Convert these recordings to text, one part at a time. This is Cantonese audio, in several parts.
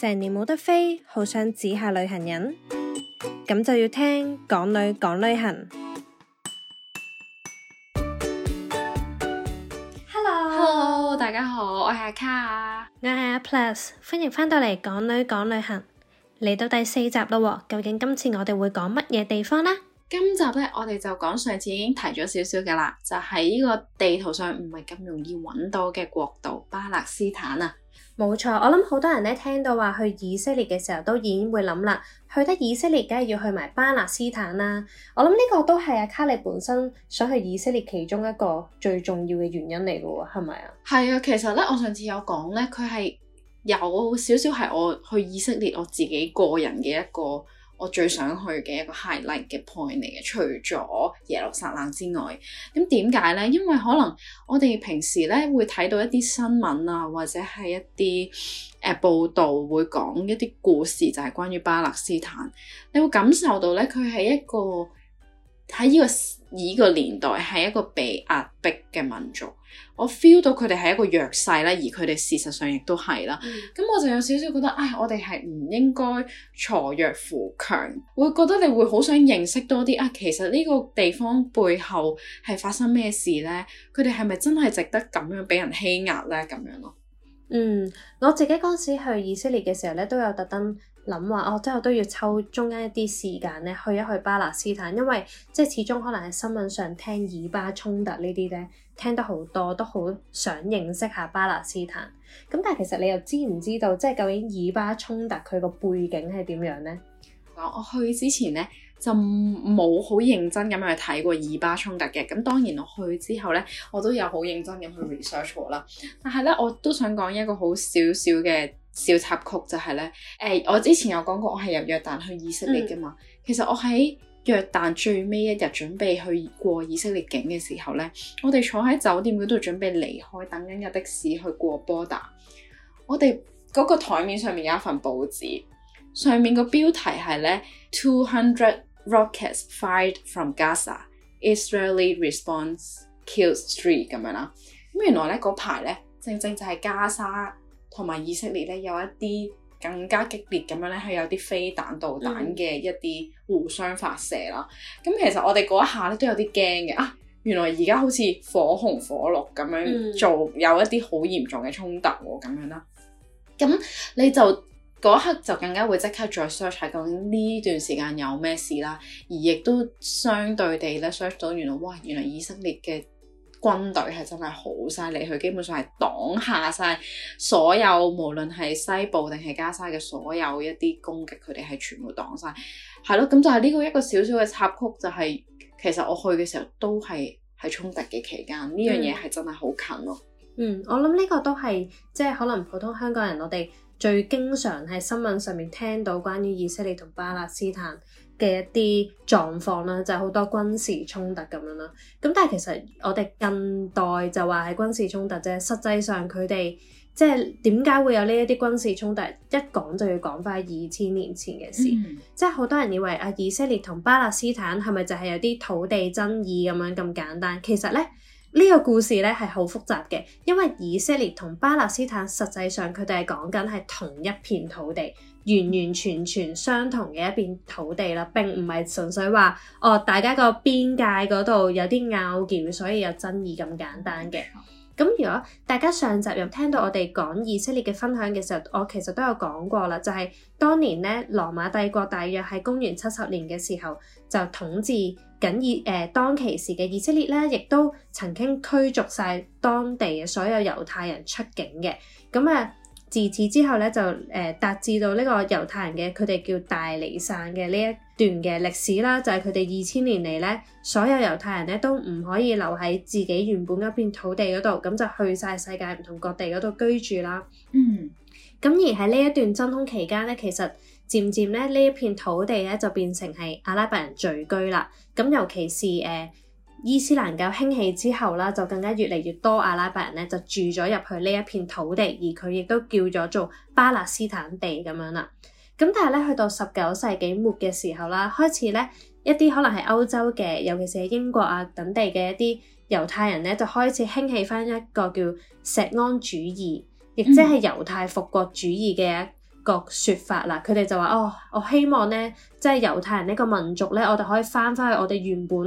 成年冇得飛，好想指下旅行人，咁就要聽港女講旅行。Hello，Hello 大家好，我係阿卡，我係阿 Plus，歡迎翻到嚟港女講旅行，嚟到第四集咯。究竟今次我哋會講乜嘢地方呢？今集咧，我哋就講上次已經提咗少少嘅啦，就係呢個地圖上唔係咁容易揾到嘅國度巴勒斯坦啊。冇錯，我諗好多人咧聽到話去以色列嘅時候，都已經會諗啦。去得以色列，梗係要去埋巴勒斯坦啦。我諗呢個都係阿卡利本身想去以色列其中一個最重要嘅原因嚟嘅喎，係咪啊？係啊，其實咧，我上次有講咧，佢係有少少係我去以色列我自己個人嘅一個。我最想去嘅一個 highlight 嘅 point 嚟嘅，除咗耶路撒冷之外，咁點解呢？因為可能我哋平時咧會睇到一啲新聞啊，或者係一啲誒、呃、報道會講一啲故事，就係關於巴勒斯坦，你會感受到咧佢係一個喺呢個。依個年代係一個被壓迫嘅民族，我 feel 到佢哋係一個弱勢咧，而佢哋事實上亦都係啦。咁、嗯、我就有少少覺得，唉，我哋係唔應該鋤弱扶強，會覺得你會好想認識多啲啊。「其實呢個地方背後係發生咩事呢？佢哋係咪真係值得咁樣俾人欺壓呢？」咁樣咯。嗯，我自己嗰陣時去以色列嘅時候咧，都有特登。諗話哦，即係都要抽中間一啲時間咧，去一去巴勒斯坦，因為即係始終可能喺新聞上聽以巴衝突呢啲咧，聽得好多，都好想認識下巴勒斯坦。咁但係其實你又知唔知道，即係究竟以巴衝突佢個背景係點樣呢？我去之前呢，就冇好認真咁去睇過以巴衝突嘅。咁當然我去之後呢，我都有好認真咁去 research 啦。但係呢，我都想講一個好少少嘅。小插曲就係、是、咧，誒、欸，我之前有講過，我係由約旦去以色列噶嘛。嗯、其實我喺約旦最尾一日準備去過以色列境嘅時候咧，我哋坐喺酒店嗰度準備離開，等緊嘅的士去過 border。我哋嗰個檯面上面有一份報紙，上面個標題係咧 Two hundred rockets fired from Gaza, Israeli response kills three 咁樣啦。咁、嗯、原來咧嗰排咧，正正就係加沙，同埋以色列咧有一啲更加激烈咁樣咧，係有啲飛彈導彈嘅一啲互相發射啦。咁、嗯、其實我哋嗰一下咧都有啲驚嘅啊！原來而家好似火紅火綠咁樣、嗯、做，有一啲好嚴重嘅衝突喎、啊、咁樣啦。咁你就嗰一刻就更加會即刻再 search 下，究竟呢段時間有咩事啦？而亦都相對地咧 search 到原來，哇！原來以色列嘅。軍隊係真係好犀利，佢基本上係擋下晒所有，無論係西部定係加沙嘅所有一啲攻擊，佢哋係全部擋晒。係咯。咁就係呢個一個小小嘅插曲、就係，就係其實我去嘅時候都係喺衝突嘅期間，呢樣嘢係真係好近咯。嗯，我諗呢個都係即係可能普通香港人，我哋最經常喺新聞上面聽到關於以色列同巴勒斯坦嘅一啲狀況啦，就係、是、好多軍事衝突咁樣啦。咁但係其實我哋近代就話係軍事衝突啫，實際上佢哋即係點解會有呢一啲軍事衝突？一講就要講返二千年前嘅事，嗯嗯，即係好多人以為啊，以色列同巴勒斯坦係咪就係有啲土地爭議咁樣咁簡單？其實咧。呢個故事咧係好複雜嘅，因為以色列同巴勒斯坦實際上佢哋係講緊係同一片土地，完完全全相同嘅一片土地啦，並唔係純粹話哦，大家個邊界嗰度有啲拗撬，所以有爭議咁簡單嘅。咁如果大家上集又聽到我哋講以色列嘅分享嘅時候，我其實都有講過啦，就係當年咧羅馬帝國大約喺公元七十年嘅時候就統治緊以誒當其時嘅以色列咧，亦都曾經驅逐晒當地嘅所有猶太人出境嘅，咁啊。自此之後咧，就誒達至到呢個猶太人嘅佢哋叫大離散嘅呢一段嘅歷史啦，就係佢哋二千年嚟咧，所有猶太人咧都唔可以留喺自己原本嗰片土地嗰度，咁就去晒世界唔同各地嗰度居住啦。嗯，咁而喺呢一段真空期間咧，其實漸漸咧呢一片土地咧就變成係阿拉伯人聚居啦。咁尤其是誒，呃伊斯蘭教興起之後啦，就更加越嚟越多阿拉伯人咧，就住咗入去呢一片土地，而佢亦都叫咗做巴勒斯坦地咁樣啦。咁但係咧，去到十九世紀末嘅時候啦，開始咧一啲可能係歐洲嘅，尤其是喺英國啊等地嘅一啲猶太人咧，就開始興起返一個叫錫安主義，亦即係猶太復國主義嘅一個說法啦。佢哋就話：哦，我希望咧，即係猶太人呢個民族咧，我哋可以返返去我哋原本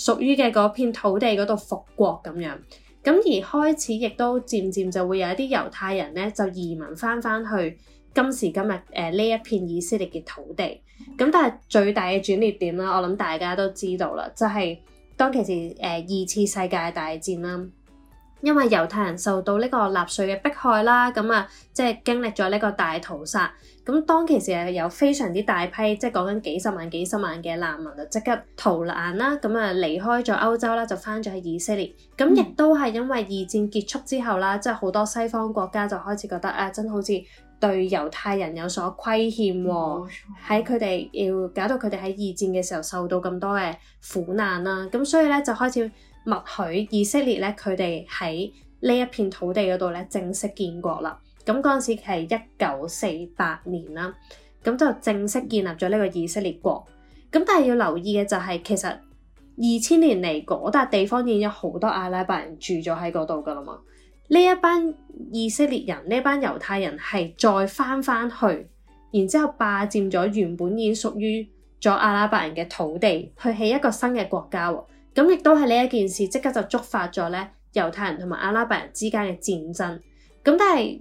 屬於嘅嗰片土地嗰度復國咁樣，咁而開始，亦都漸漸就會有一啲猶太人咧，就移民返返去今時今日誒、呢、呃、一片以色列嘅土地咁。但係最大嘅轉捩點啦，我諗大家都知道啦，就係、是、當其時誒、呃、二次世界大戰啦，因為猶太人受到呢個納粹嘅迫害啦，咁啊即係經歷咗呢個大屠殺。咁當其時係有非常之大批，即係講緊幾十萬、幾十萬嘅難民就即刻逃難啦，咁啊離開咗歐洲啦，就翻咗去以色列。咁、嗯、亦都係因為二戰結束之後啦，即係好多西方國家就開始覺得啊，真好似對猶太人有所虧欠喎，喺佢哋要搞到佢哋喺二戰嘅時候受到咁多嘅苦難啦，咁所以咧就開始默許以色列咧佢哋喺呢一片土地嗰度咧正式建國啦。咁嗰陣時係一九四八年啦，咁就正式建立咗呢個以色列國。咁但係要留意嘅就係，其實二千年嚟嗰笪地方已經有好多阿拉伯人住咗喺嗰度噶啦嘛。呢一班以色列人，呢班猶太人係再翻翻去，然之後霸佔咗原本已經屬於咗阿拉伯人嘅土地，去起一個新嘅國家。咁亦都係呢一件事即刻就觸發咗咧猶太人同埋阿拉伯人之間嘅戰爭。咁但係，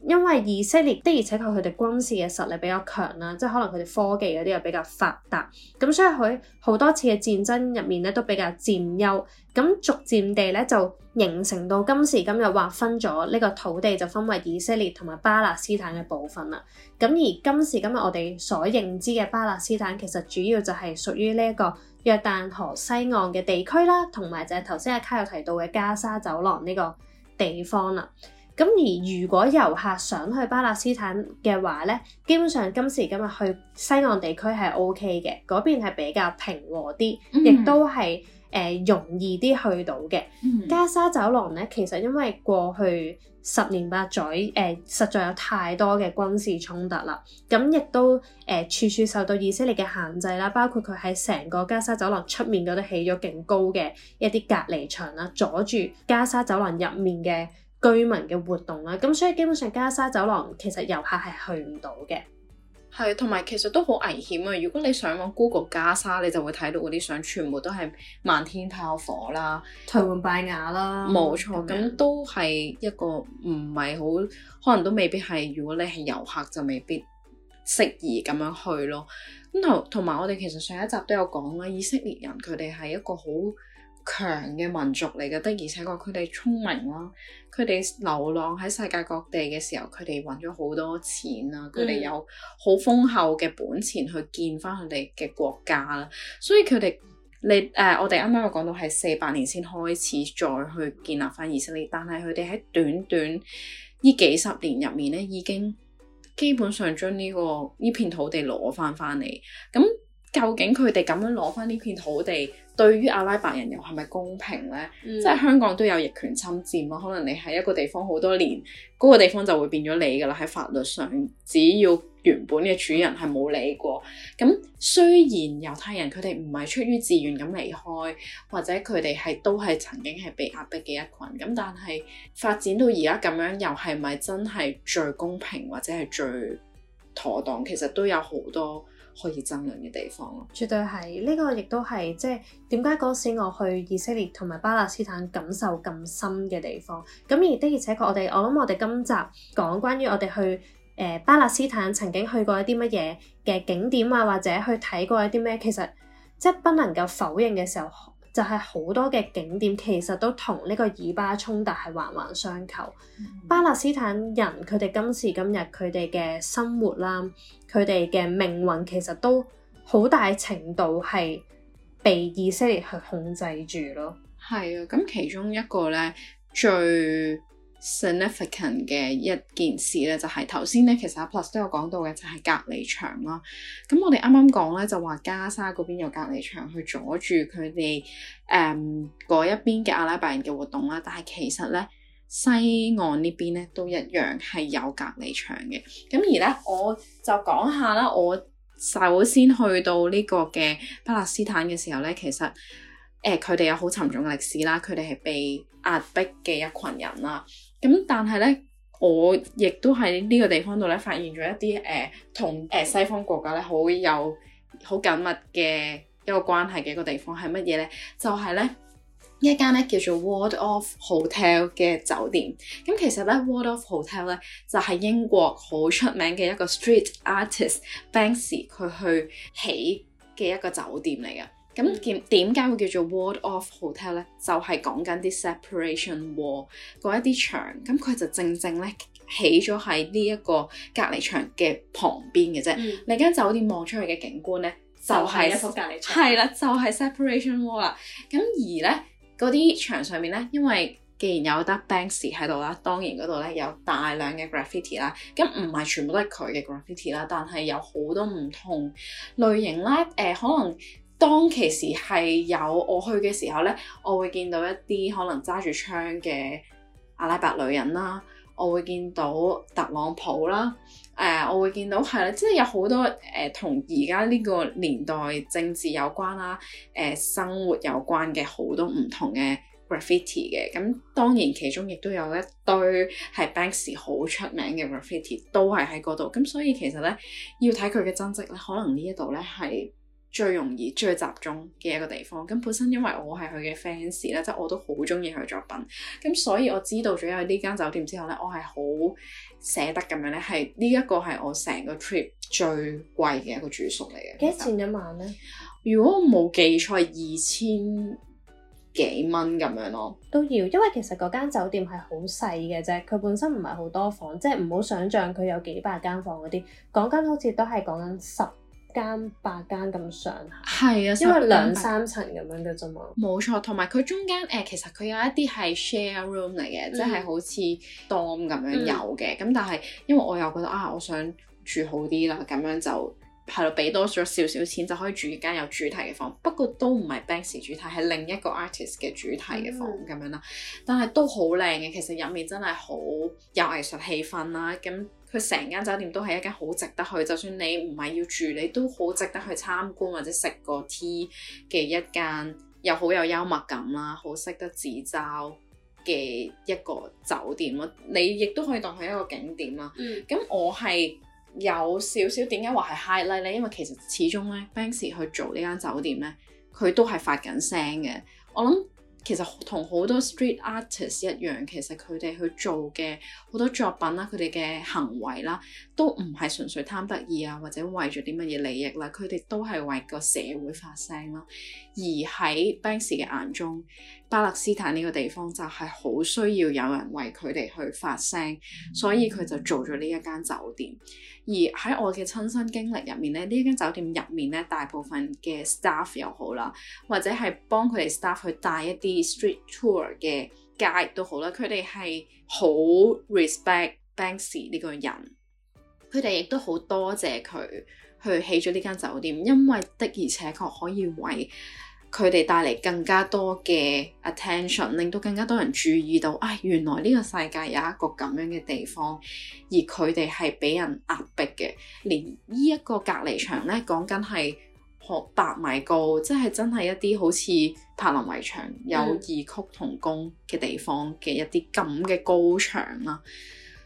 因為以色列的而且確佢哋軍事嘅實力比較強啦，即係可能佢哋科技嗰啲又比較發達，咁所以佢好多次嘅戰爭入面咧都比較佔優，咁逐漸地咧就形成到今時今日劃分咗呢個土地就分為以色列同埋巴勒斯坦嘅部分啦。咁而今時今日我哋所認知嘅巴勒斯坦其實主要就係屬於呢一個約旦河西岸嘅地區啦，同埋就係頭先阿卡有提到嘅加沙走廊呢個地方啦。咁而如果遊客想去巴勒斯坦嘅話咧，基本上今時今日去西岸地區係 OK 嘅，嗰邊係比較平和啲，亦都係誒容易啲去到嘅。加沙走廊咧，其實因為過去十年八載誒，實在有太多嘅軍事衝突啦，咁、呃、亦都誒、呃、處處受到以色列嘅限制啦，包括佢喺成個加沙走廊出面嗰度起咗勁高嘅一啲隔離牆啦，阻住加沙走廊入面嘅居民嘅活動啦，咁所以基本上加沙走廊其實遊客係去唔到嘅，係同埋其實都好危險啊！如果你上網 Google 加沙，你就會睇到嗰啲相，全部都係漫天炮火啦、頹垣敗瓦啦，冇錯錯，咁樣都係一個唔係好，可能都未必係。如果你係遊客，就未必適宜咁樣去咯。咁同同埋我哋其實上一集都有講啦，以色列人佢哋係一個好。強嘅民族嚟嘅，的而且確佢哋聰明啦，佢哋流浪喺世界各地嘅時候，佢哋揾咗好多錢啦，佢哋、嗯、有好豐厚嘅本錢去建翻佢哋嘅國家啦，所以佢哋你誒、呃，我哋啱啱講到係四百年先開始再去建立翻以色列，但係佢哋喺短短呢幾十年入面咧，已經基本上將呢、這個呢片土地攞翻翻嚟，咁。究竟佢哋咁樣攞翻呢片土地，對於阿拉伯人又係咪公平呢？嗯、即係香港都有逆權侵佔咯。可能你喺一個地方好多年，嗰、嗰個地方就會變咗你噶啦。喺法律上，只要原本嘅主人係冇理過。咁雖然猶太人佢哋唔係出於自願咁離開，或者佢哋係都係曾經係被壓迫嘅一群咁，但係發展到而家咁樣，又係咪真係最公平或者係最妥當？其實都有好多。可以爭論嘅地方咯，絕對係呢、這個，亦都係即係點解嗰時我去以色列同埋巴勒斯坦感受咁深嘅地方。咁而的而且確，我哋我諗我哋今集講關於我哋去誒、呃、巴勒斯坦曾經去過一啲乜嘢嘅景點啊，或者去睇過一啲咩，其實即係不能夠否認嘅時候。就係好多嘅景點，其實都同呢個以巴衝突係環環相扣。嗯、巴勒斯坦人佢哋今時今日佢哋嘅生活啦，佢哋嘅命運其實都好大程度係被以色列去控制住咯。係啊，咁其中一個呢最 significant 嘅一件事咧，就係頭先咧，其實、啊、Plus 都有講到嘅，就係、是、隔離牆啦。咁我哋啱啱講咧，就話加沙嗰邊有隔離牆去阻住佢哋誒嗰一邊嘅阿拉伯人嘅活動啦。但係其實咧，西岸邊呢邊咧都一樣係有隔離牆嘅。咁而咧，我就講下啦。我首先去到呢個嘅巴勒斯坦嘅時候咧，其實誒佢哋有好沉重嘅歷史啦，佢哋係被壓迫嘅一群人啦。咁但係咧，我亦都喺呢個地方度咧，發現咗一啲誒同誒西方國家咧好有好緊密嘅一個關係嘅一個地方係乜嘢咧？就係、是、咧一間咧叫做 Walled Off Hotel 嘅酒店。咁、嗯、其實咧，Walled Off Hotel 咧就係、是、英國好出名嘅一個 Street Artist Banksy 佢去起嘅一個酒店嚟嘅。咁點點解會叫做 Walled Off Hotel 咧？就係講緊啲 separation wall 嗰一啲牆，咁佢就正正咧起咗喺呢一個隔離牆嘅旁邊嘅啫。嗯、你間酒店望出去嘅景觀咧，就係、是、一堵隔離牆，係啦，就係、是、separation wall 啦。咁而咧嗰啲牆上面咧，因為既然有得 Banksy 喺度啦，當然嗰度咧有大量嘅 graffiti 啦。咁唔係全部都係佢嘅 graffiti 啦，但係有好多唔同類型啦。誒、呃、可能。當其時係有我去嘅時候呢，我會見到一啲可能揸住槍嘅阿拉伯女人啦，我會見到特朗普啦，誒、呃，我會見到係啦，即係有好多誒、呃、同而家呢個年代政治有關啦，誒、呃、生活有關嘅好多唔同嘅 graffiti 嘅，咁當然其中亦都有一堆係 Banksy 好出名嘅 graffiti 都係喺嗰度，咁所以其實呢，要睇佢嘅真跡咧，可能呢一度呢係。最容易最集中嘅一個地方，咁本身因為我係佢嘅 fans 咧，即係我都好中意佢作品，咁所以我知道咗有呢間酒店之後咧，我係好捨得咁樣咧，係呢一個係我成個 trip 最貴嘅一個住宿嚟嘅。幾多錢一晚咧？如果我冇記錯，二千幾蚊咁樣咯。都要，因為其實嗰間酒店係好細嘅啫，佢本身唔係好多房，即係唔好想像佢有幾百間房嗰啲，講緊好似都係講緊十。間八間咁上下，係啊的，因為兩三層咁樣嘅啫嘛。冇、嗯、錯，同埋佢中間誒，其實佢有一啲係 share room 嚟嘅，嗯、即係好似 d o 咁樣有嘅。咁、嗯、但係因為我又覺得啊，我想住好啲啦，咁樣就係咯，俾多咗少少錢就可以住一間有主題嘅房。不過都唔係 bang 時主題，係另一個 artist 嘅主題嘅房咁、嗯、樣啦。但係都好靚嘅，其實入面真係好有藝術氣氛啦。咁。佢成間酒店都係一間好值得去，就算你唔係要住，你都好值得去參觀或者食個 tea 嘅一間又好有幽默感啦，好識得自嘲嘅一個酒店咯。你亦都可以當佢一個景點啦。咁、嗯、我係有少少點解話係 highlight 咧，因為其實始終咧 Banksy 去做呢間酒店咧，佢都係發緊聲嘅。我諗。其實同好多 street artist 一樣，其實佢哋去做嘅好多作品啦，佢哋嘅行為啦，都唔係純粹貪得意啊，或者為咗啲乜嘢利益啦，佢哋都係為個社會發聲咯。而喺 Banksy 嘅眼中，巴勒斯坦呢個地方就係好需要有人為佢哋去發聲，所以佢就做咗呢一間酒店。而喺我嘅親身經歷入面咧，呢間酒店入面咧，大部分嘅 staff 又好啦，或者係幫佢哋 staff 去帶一啲 street tour 嘅 guide 都好啦，佢哋係好 respect Banksy 呢個人，佢哋亦都好多謝佢去起咗呢間酒店，因為的而且確可以為佢哋帶嚟更加多嘅 attention，令到更加多人注意到，啊、哎，原來呢個世界有一個咁樣嘅地方，而佢哋係俾人壓迫嘅，連呢一個隔離牆呢，講緊係學百米高，即、就、係、是、真係一啲好似柏林圍牆有異曲同工嘅地方嘅一啲咁嘅高牆啦。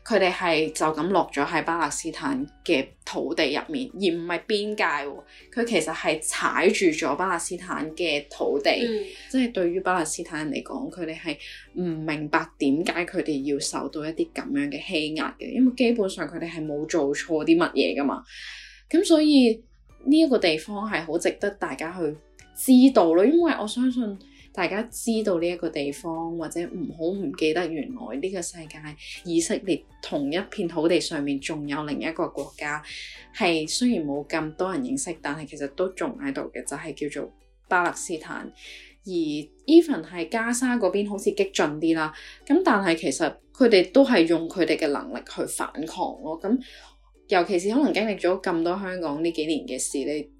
佢哋係就咁落咗喺巴勒斯坦嘅土地入面，而唔係邊界喎。佢其實係踩住咗巴勒斯坦嘅土地，嗯、即係對於巴勒斯坦人嚟講，佢哋係唔明白點解佢哋要受到一啲咁樣嘅欺壓嘅，因為基本上佢哋係冇做錯啲乜嘢㗎嘛。咁所以呢一個地方係好值得大家去知道咯，因為我相信。大家知道呢一個地方，或者唔好唔記得原來呢個世界以色列同一片土地上面仲有另一個國家，係雖然冇咁多人認識，但係其實都仲喺度嘅，就係叫做巴勒斯坦。而 even 係加沙嗰邊好似激進啲啦，咁但係其實佢哋都係用佢哋嘅能力去反抗咯。咁尤其是可能經歷咗咁多香港呢幾年嘅事，你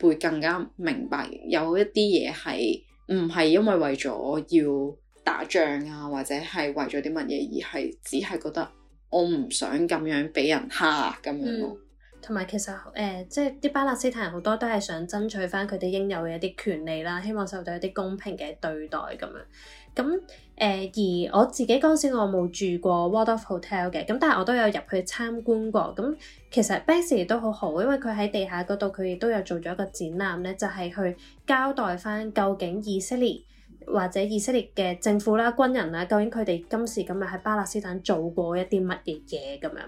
會更加明白有一啲嘢係。唔係因為為咗要打仗啊，或者係為咗啲乜嘢，而係只係覺得我唔想咁樣俾人蝦咁樣咯。同埋、嗯、其實誒，即係啲巴勒斯坦人好多都係想爭取翻佢哋應有嘅一啲權利啦，希望受到一啲公平嘅對待咁樣。咁誒、呃，而我自己嗰時我冇住過 Walled Off Hotel 嘅，咁但係我都有入去參觀過咁。其實 Banksy 也都好好，因為佢喺地下嗰度佢亦都有做咗一個展覽咧，就係去交代翻究竟以色列或者以色列嘅政府啦、軍人啦，究竟佢哋今時今日喺巴勒斯坦做過一啲乜嘢嘢咁樣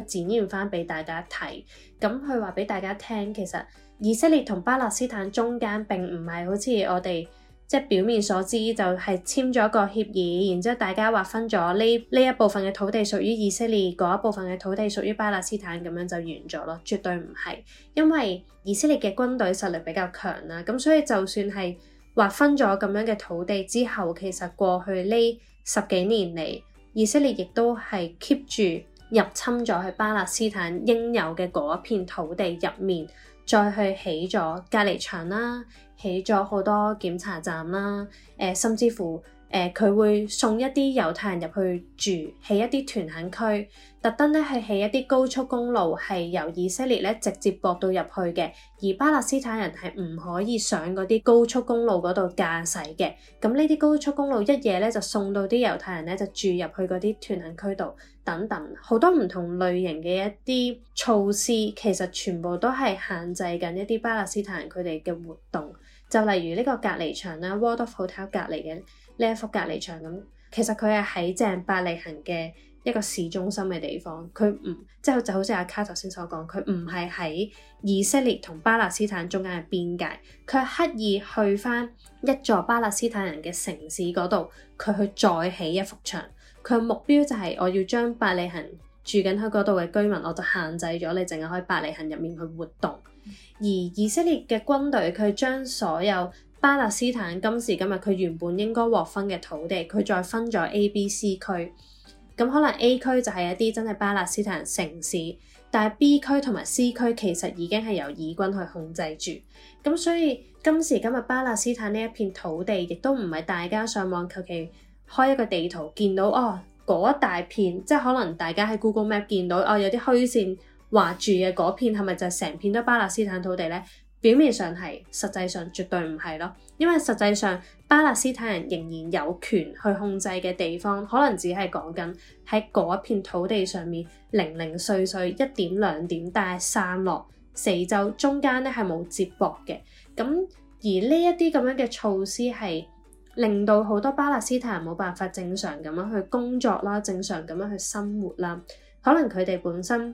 去展現翻俾大家睇，咁佢話俾大家聽，其實以色列同巴勒斯坦中間並唔係好似我哋。即係表面所知，就係簽咗個協議，然之後大家劃分咗呢呢一部分嘅土地屬於以色列，嗰一部分嘅土地屬於巴勒斯坦，咁樣就完咗咯。絕對唔係，因為以色列嘅軍隊實力比較強啦，咁所以就算係劃分咗咁樣嘅土地之後，其實過去呢十幾年嚟，以色列亦都係 keep 住入侵咗去巴勒斯坦應有嘅嗰片土地入面，再去起咗隔離牆啦。起咗好多檢查站啦，誒、呃，甚至乎誒，佢、呃、會送一啲猶太人入去住，起一啲團行區，特登咧係起一啲高速公路，係由以色列咧直接駁到入去嘅。而巴勒斯坦人係唔可以上嗰啲高速公路嗰度駕駛嘅。咁呢啲高速公路一夜咧就送到啲猶太人咧就住入去嗰啲團行區度，等等好多唔同類型嘅一啲措施，其實全部都係限制緊一啲巴勒斯坦人佢哋嘅活動。就例如呢個隔離牆啦 Walled Off Hotel 隔離嘅呢一幅隔離牆咁，其實佢係喺正伯利恆嘅一個市中心嘅地方，佢唔即係就好似阿卡頭先所講，佢唔係喺以色列同巴勒斯坦中間嘅邊界，佢刻意去翻一座巴勒斯坦人嘅城市嗰度，佢去再起一幅牆，佢目標就係我要將伯利恆住緊喺嗰度嘅居民，我就限制咗你，淨係可以伯利恆入面去活動。而以色列嘅軍隊佢將所有巴勒斯坦今時今日佢原本應該獲分嘅土地，佢再分咗 A、B、C 區。咁可能 A 區就係一啲真係巴勒斯坦城市，但係 B 區同埋 C 區其實已經係由以軍去控制住。咁所以今時今日巴勒斯坦呢一片土地，亦都唔係大家上網求其開一個地圖見到哦嗰一大片，即係可能大家喺 Google Map 見到哦有啲虛線。話住嘅嗰片係咪就成片都巴勒斯坦土地呢？表面上係，實際上絕對唔係咯。因為實際上巴勒斯坦人仍然有權去控制嘅地方，可能只係講緊喺嗰片土地上面零零碎碎一點兩點，但係散落四周中間咧係冇接駁嘅。咁而呢一啲咁樣嘅措施係令到好多巴勒斯坦人冇辦法正常咁樣去工作啦，正常咁樣去生活啦。可能佢哋本身，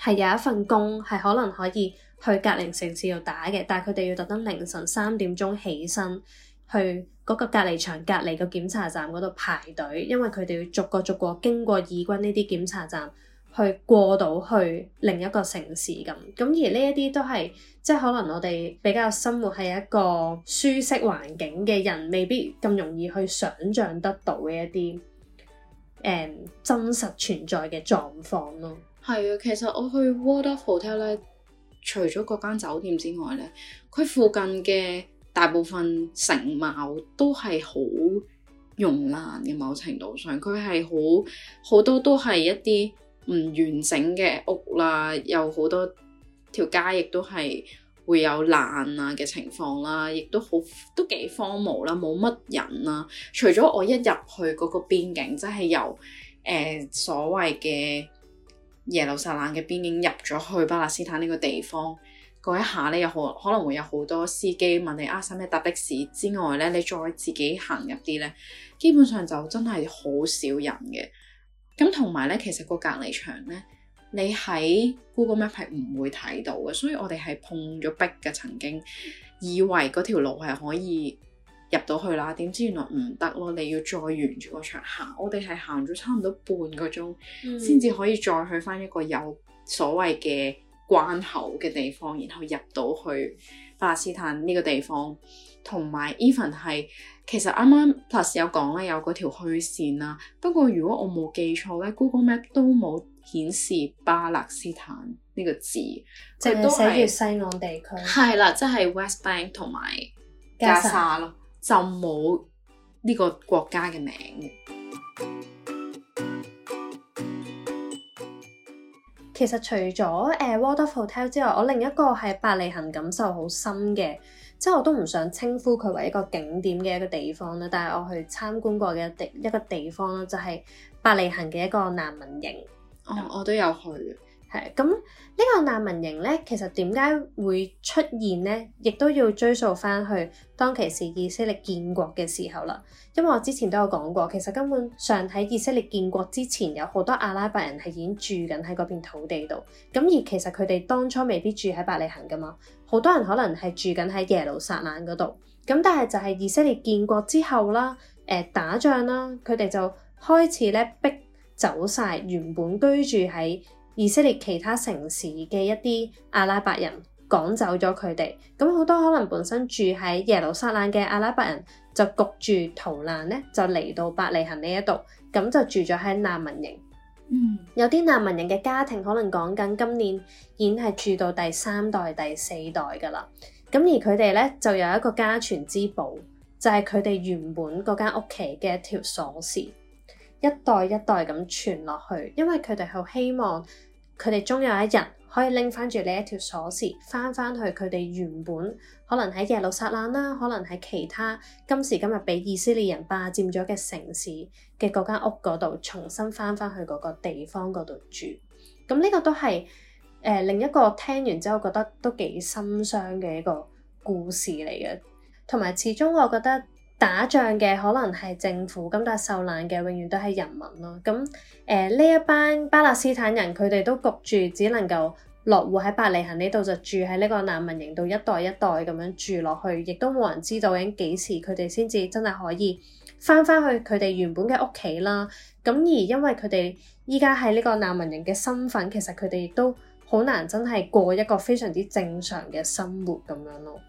係有一份工，係可能可以去隔籬城市度打嘅，但係佢哋要特登凌晨三點鐘起身去嗰個隔離場隔籬個檢查站嗰度排隊，因為佢哋要逐個逐個經過以軍呢啲檢查站去過到去另一個城市咁。咁而呢一啲都係即係可能我哋比較生活喺一個舒適環境嘅人，未必咁容易去想像得到嘅一啲誒、嗯、真實存在嘅狀況咯。係啊，其實我去 Walled Off Hotel 咧，除咗嗰間酒店之外咧，佢附近嘅大部分城貌都係好融爛嘅。某程度上，佢係好好多都係一啲唔完整嘅屋啦，有好多條街亦都係會有爛啊嘅情況啦，亦都好都幾荒蕪啦，冇乜人啦。除咗我一入去嗰個邊境，即係由誒所謂嘅。耶路撒冷嘅邊境入咗去，去巴勒斯坦呢個地方，嗰一下呢，又可可能會有好多司機問你啊，使唔使搭的士？之外呢，你再自己行入啲呢，基本上就真係好少人嘅。咁同埋呢，其實個隔離牆呢，你喺 Google Map 係唔會睇到嘅，所以我哋係碰咗壁嘅。曾經以為嗰條路係可以。入到去啦，點知原來唔得咯。你要再沿住個牆行，我哋係行咗差唔多半個鐘，先至、嗯、可以再去翻一個有所謂嘅關口嘅地方，然後入到去巴勒斯坦呢個地方。同埋 even 係，其實啱啱 Plus 有講咧，有嗰條虛線啦。不過如果我冇記錯咧，Google Map 都冇顯示巴勒斯坦呢個字，即係都寫住西岸地區。係啦，即係、就是、West Bank 同埋加沙咯。就冇呢個國家嘅名，其實除咗誒、呃、Walled Off Hotel 之外，我另一個係伯利恆，感受好深嘅，即係我都唔想稱呼佢為一個景點嘅一個地方啦，但係我去參觀過嘅一地一個地方啦，就係、是、伯利恆嘅一個難民營。哦，我都有去。係咁，呢個難民營咧，其實點解會出現呢？亦都要追溯翻去當其時以色列建國嘅時候啦。因為我之前都有講過，其實根本上喺以色列建國之前，有好多阿拉伯人係已經住緊喺嗰片土地度。咁而其實佢哋當初未必住喺伯利恆噶嘛，好多人可能係住緊喺耶路撒冷嗰度。咁但係就係以色列建國之後啦，誒、呃、打仗啦，佢哋就開始咧逼走晒原本居住喺。以色列其他城市嘅一啲阿拉伯人趕走咗佢哋，咁好多可能本身住喺耶路撒冷嘅阿拉伯人就焗住逃難咧，就嚟到伯利恆呢一度，咁就住咗喺難民營。嗯，有啲難民營嘅家庭可能講緊今年已經係住到第三代、第四代㗎啦。咁而佢哋咧就有一個家傳之寶，就係佢哋原本嗰間屋企嘅一條鎖匙，一代一代咁傳落去，因為佢哋好希望。佢哋終有一日可以拎翻住呢一條鎖匙，翻翻去佢哋原本可能喺耶路撒冷啦，可能喺其他今時今日俾以色列人霸佔咗嘅城市嘅嗰間屋嗰度，重新翻翻去嗰個地方嗰度住。咁呢個都係誒另一個聽完之後覺得都幾心傷嘅一個故事嚟嘅，同埋始終我覺得。打仗嘅可能係政府，咁但係受難嘅永遠都係人民咯。咁誒呢一班巴勒斯坦人，佢哋都焗住，只能夠落戶喺伯利恆呢度，就住喺呢個難民營度，一代一代咁樣住落去，亦都冇人知道已經幾時佢哋先至真係可以返返去佢哋原本嘅屋企啦。咁而因為佢哋依家係呢個難民營嘅身份，其實佢哋亦都好難真係過一個非常之正常嘅生活咁樣咯。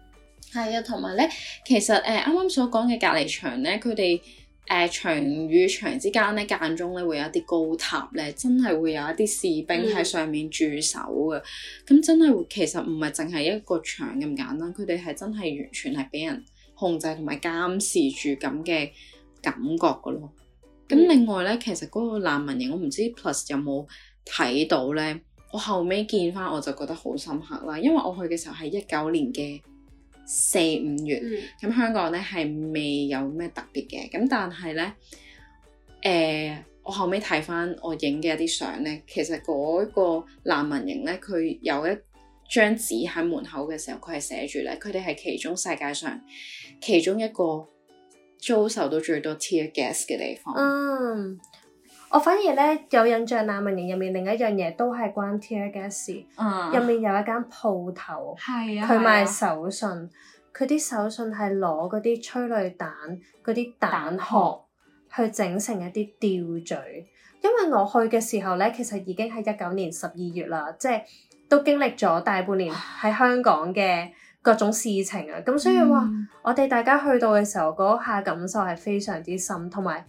係啊，同埋咧，其實誒，啱、呃、啱所講嘅隔離牆咧，佢哋誒牆與牆之間咧，間中咧會有一啲高塔咧，真係會有一啲士兵喺上面駐守嘅。咁、嗯、真係其實唔係淨係一個牆咁簡單，佢哋係真係完全係俾人控制同埋監視住咁嘅感覺噶咯。咁、嗯、另外咧，其實嗰個難民營，我唔知 Plus 有冇睇到咧。我後尾見翻我就覺得好深刻啦，因為我去嘅時候係一九年嘅。四五月咁、嗯、香港咧係未有咩特別嘅。咁但係咧，誒、呃、我後尾睇返我影嘅一啲相咧，其實嗰個難民營咧，佢有一張紙喺門口嘅時候，佢係寫住咧，佢哋係其中世界上其中一個遭受到最多 tear gas 嘅地方。嗯我反而咧有印象，難民營入面另一樣嘢都係關 T.F.G.S. 入、uh, 面有一間鋪頭，佢、啊、賣手信，佢啲、啊、手信係攞嗰啲催淚彈嗰啲彈殼糕去整成一啲吊墜。因為我去嘅時候咧，其實已經係一九年十二月啦，即係都經歷咗大半年喺香港嘅各種事情啊。咁 所以話我哋大家去到嘅時候，嗰下感受係非常之深，同埋。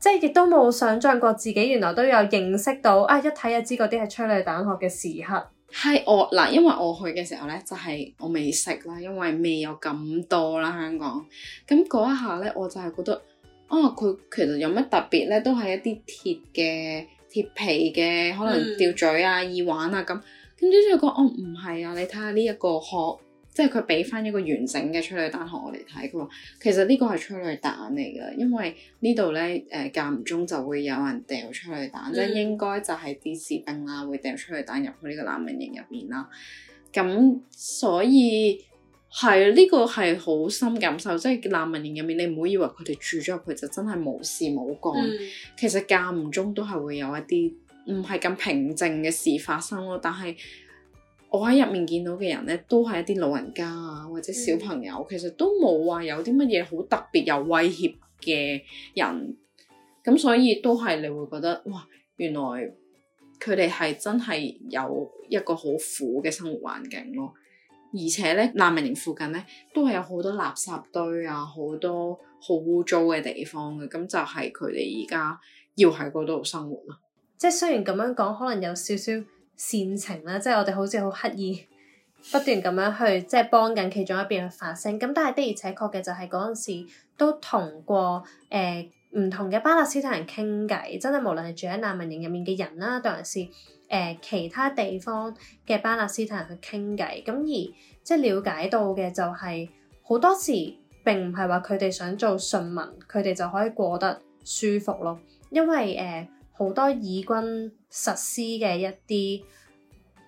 即係亦都冇想象過自己原來都有認識到啊、哎，一睇就知嗰啲係催淚彈殼嘅時刻係我嗱，因為我去嘅時候咧就係、是、我未食啦，因為未有咁多啦。香港咁嗰一下咧，我就係覺得哦，佢其實有乜特別咧，都係一啲鐵嘅鐵皮嘅，可能吊墜啊、嗯、耳環啊咁。咁啲師傅講哦，唔係啊，你睇下呢一個殼。即係佢俾翻一個完整嘅催淚彈殼我哋睇，佢話其實呢個係催淚彈嚟嘅，因為呢度咧誒間唔中就會有人掉催淚彈，即係、嗯、應該就係啲士兵啦會掉催淚彈入去呢個難民營入面啦。咁所以係呢、呢個係好深感受，即係難民營入面，你唔好以為佢哋住咗入去就真係無事冇干。嗯、其實間唔中都係會有一啲唔係咁平靜嘅事發生咯。但係。我喺入面見到嘅人咧，都係一啲老人家啊，或者小朋友，嗯、其實都冇話有啲乜嘢好特別有威脅嘅人，咁所以都係你會覺得，哇！原來佢哋係真係有一個好苦嘅生活環境咯。而且咧，難民營附近咧都係有好多垃圾堆啊，好多好污糟嘅地方嘅，咁就係佢哋而家要喺嗰度生活咯。即係雖然咁樣講，可能有少少。煽情啦，即係我哋好似好刻意不斷咁樣去，即係幫緊其中一邊去發聲。咁但係的而且確嘅就係嗰陣時都同過誒唔、呃、同嘅巴勒斯坦人傾偈，真係無論係住喺難民營入面嘅人啦，當然係誒、呃、其他地方嘅巴勒斯坦人去傾偈。咁而即係了解到嘅就係、是、好多時並唔係話佢哋想做順民，佢哋就可以過得舒服咯，因為誒、呃好多以軍實施嘅一啲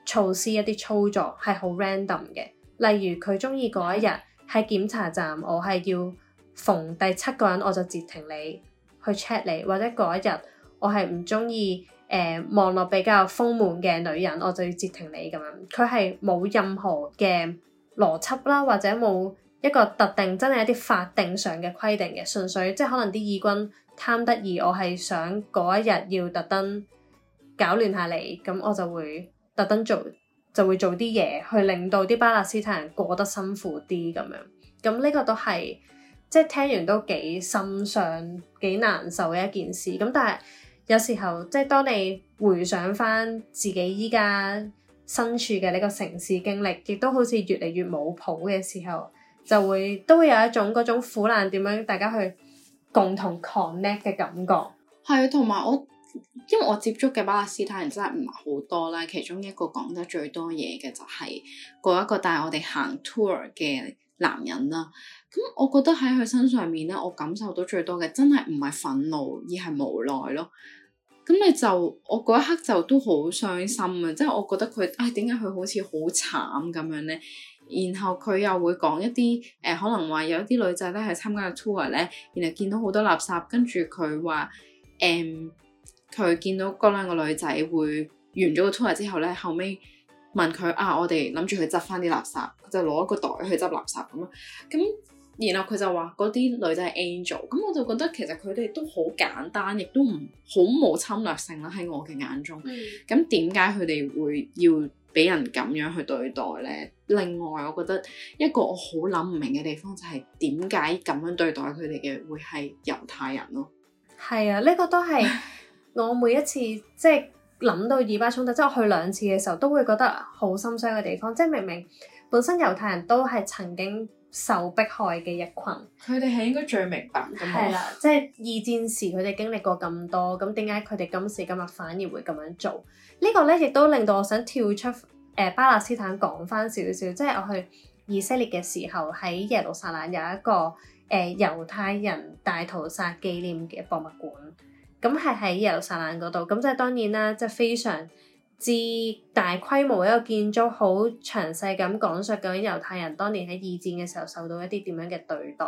措施、一啲操作係好 random 嘅，例如佢中意嗰一日喺檢查站，我係要逢第七個人我就截停你去 check 你，或者嗰一日我係唔中意誒望落比較豐滿嘅女人，我就要截停你咁樣。佢係冇任何嘅邏輯啦，或者冇一個特定真係一啲法定上嘅規定嘅，純粹即係可能啲以軍。貪得意，我係想嗰一日要特登搞亂下你，咁我就會特登做，就會做啲嘢去令到啲巴勒斯坦人過得辛苦啲咁樣。咁呢個都係即係聽完都幾心傷、幾難受嘅一件事。咁但係有時候即係當你回想翻自己依家身處嘅呢個城市經歷，亦都好似越嚟越冇譜嘅時候，就會都會有一種嗰種苦難點樣大家去共同 connect 嘅感覺，係啊，同埋我，因為我接觸嘅巴勒斯坦人真係唔係好多啦。其中一個講得最多嘢嘅就係嗰一個帶我哋行 tour 嘅男人啦。咁我覺得喺佢身上面咧，我感受到最多嘅真係唔係憤怒，而係無奈咯。咁你就我嗰一刻就都好傷心啊！即係我覺得佢，唉，點解佢好似好慘咁樣咧？然後佢又會講一啲誒、呃，可能話有一啲女仔咧係參加個 tour 咧，然後見到好多垃圾，跟住佢話誒，佢、嗯、見到嗰兩個女仔會完咗個 tour 之後咧，後尾問佢啊，我哋諗住去執翻啲垃圾，佢就攞一個袋去執垃圾咁樣。咁然後佢就話嗰啲女仔係 angel，咁我就覺得其實佢哋都好簡單，亦都唔好冇侵略性啦。喺我嘅眼中，咁點解佢哋會要？俾人咁樣去對待咧。另外，我覺得一個我好諗唔明嘅地方就係點解咁樣對待佢哋嘅會係猶太人咯。係啊，呢、呢個都係我每一次 即係諗到以巴衝突，即係我去兩次嘅時候都會覺得好心傷嘅地方。即係明明本身猶太人都係曾經受迫害嘅一群，佢哋係應該最明白嘅。係啦、啊，即係二戰時佢哋經歷過咁多，咁點解佢哋今時今日反而會咁樣做？呢個咧，亦都令到我想跳出誒、呃、巴勒斯坦講翻少少，即係我去以色列嘅時候，喺耶路撒冷有一個誒、呃、猶太人大屠殺紀念嘅博物館，咁係喺耶路撒冷嗰度。咁即係當然啦，即係非常之大規模一個建築，好詳細咁講述緊猶太人當年喺二戰嘅時候受到一啲點樣嘅對待。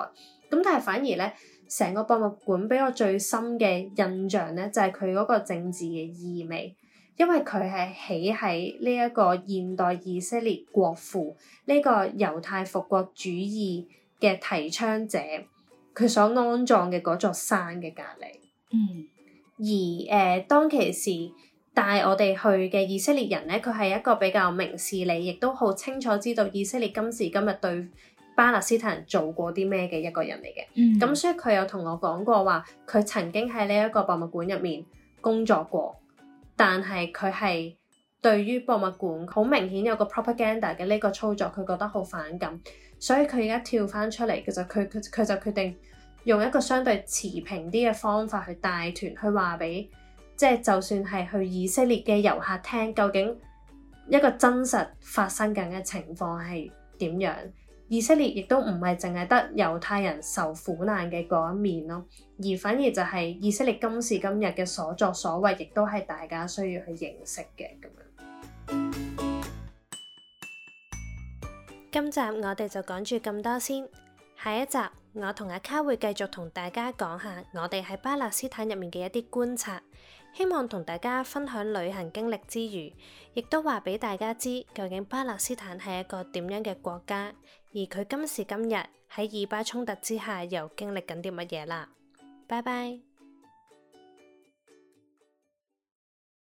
咁但係反而咧，成個博物館俾我最深嘅印象咧，就係佢嗰個政治嘅意味。因為佢係起喺呢一個現代以色列國父，呢個猶太復國主義嘅提倡者，佢所安葬嘅嗰座山嘅隔離，嗯，而誒、呃、當其時帶我哋去嘅以色列人咧，佢係一個比較明事理，亦都好清楚知道以色列今時今日對巴勒斯坦人做過啲咩嘅一個人嚟嘅。嗯，咁所以佢有同我講過話，佢曾經喺呢一個博物館入面工作過。但係佢係對於博物館好明顯有個 propaganda 嘅呢個操作，佢覺得好反感，所以佢而家跳翻出嚟，其實佢佢佢就決定用一個相對持平啲嘅方法去帶團，去話俾即係就算係去以色列嘅遊客聽，究竟一個真實發生緊嘅情況係點樣？以色列亦都唔係淨係得猶太人受苦難嘅嗰一面咯，而反而就係以色列今時今日嘅所作所為，亦都係大家需要去認識嘅咁樣。今集我哋就講住咁多先，下一集我同阿卡會繼續同大家講下我哋喺巴勒斯坦入面嘅一啲觀察，希望同大家分享旅行經歷之餘，亦都話俾大家知究竟巴勒斯坦係一個點樣嘅國家。而佢今時今日喺以巴衝突之下，又經歷緊啲乜嘢啦？拜拜。